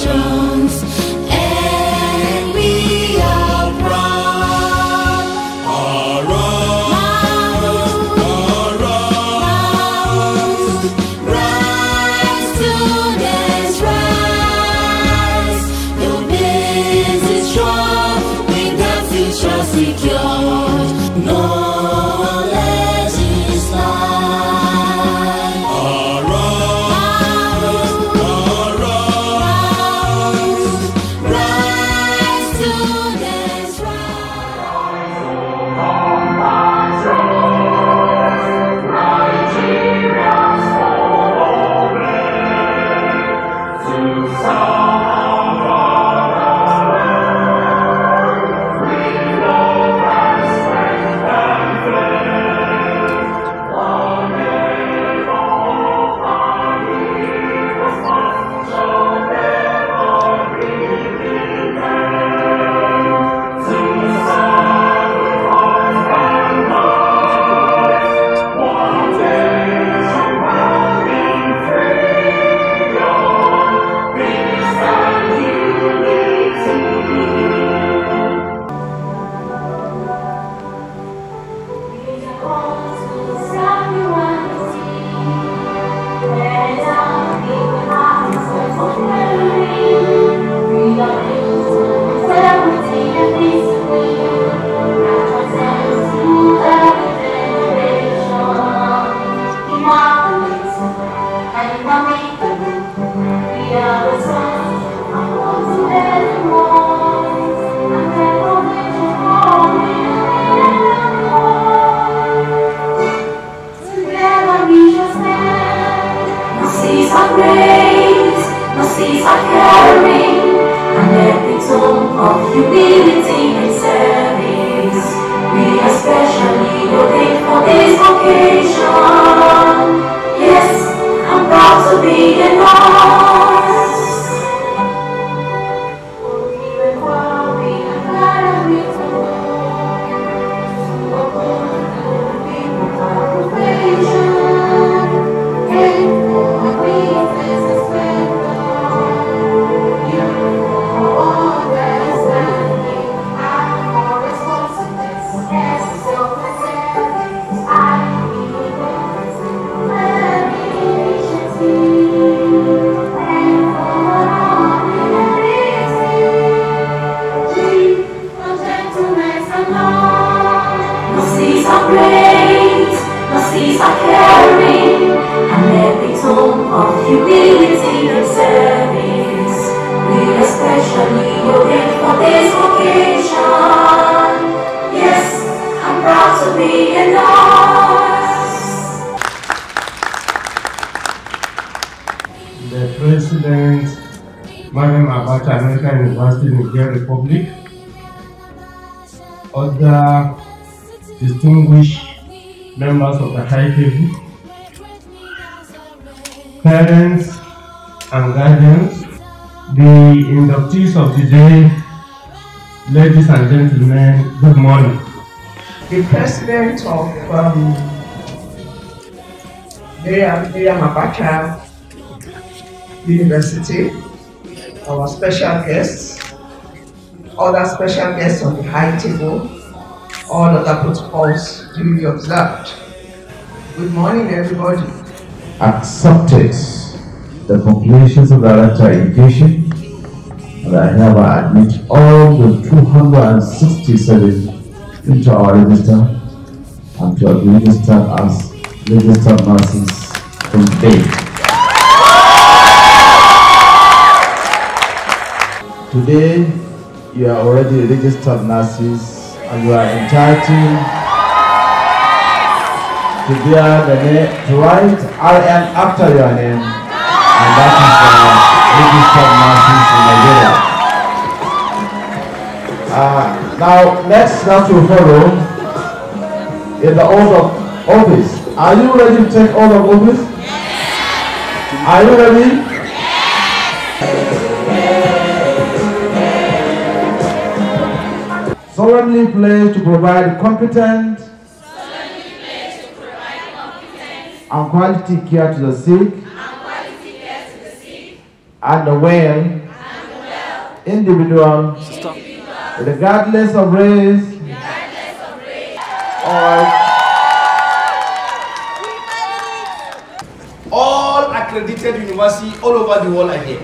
shown cease our praise, nor cease our caring, and every tone of humility and service. We are specially ordained for this occasion. Yes, I'm proud to be Mariam Abacha American University Niger Republic, other distinguished members of the high table, parents and guardians, the inductees of today, ladies and gentlemen, good morning. The president of um, Mariam Abacha University our special guests, other special guests on the high table, all other protocols duly observed. Good morning, everybody. Accepted the conclusions of the Director Education, and I hereby admit all the 267 into our register and to administer as registered nurses from date. Today, you are already registered nurses and you are entitled to bear the name, to write am after your name, and that is the registered nurses in Nigeria. Uh, now, next nurse will follow is the oath of office. Are you ready to take oath of office? Are you ready? solemnly pledge to provide competent, and quality care to the sick and, the, well, individual, regardless of race, all accredited universities all over the world are here.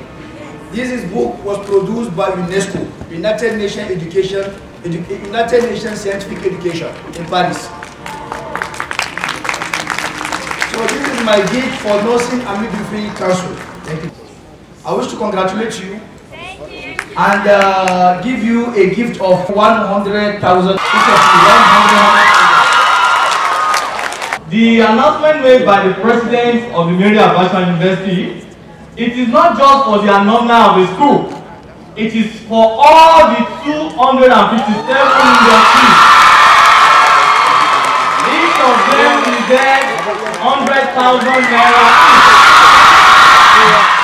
This book was produced by UNESCO, United Nations Education United Nations Scientific Education in Paris. So this is my gift for Nursing and Midwifery Council. Thank you. I wish to congratulate you, you. and uh, give you a gift of 100,000. The announcement made by the president of the Mary Abacha University, it is not just for the alumni of the school, It is for all the 257 million industries. Each of them will get 100,000 naira.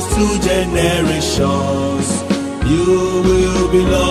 generations to generations, you will be loved.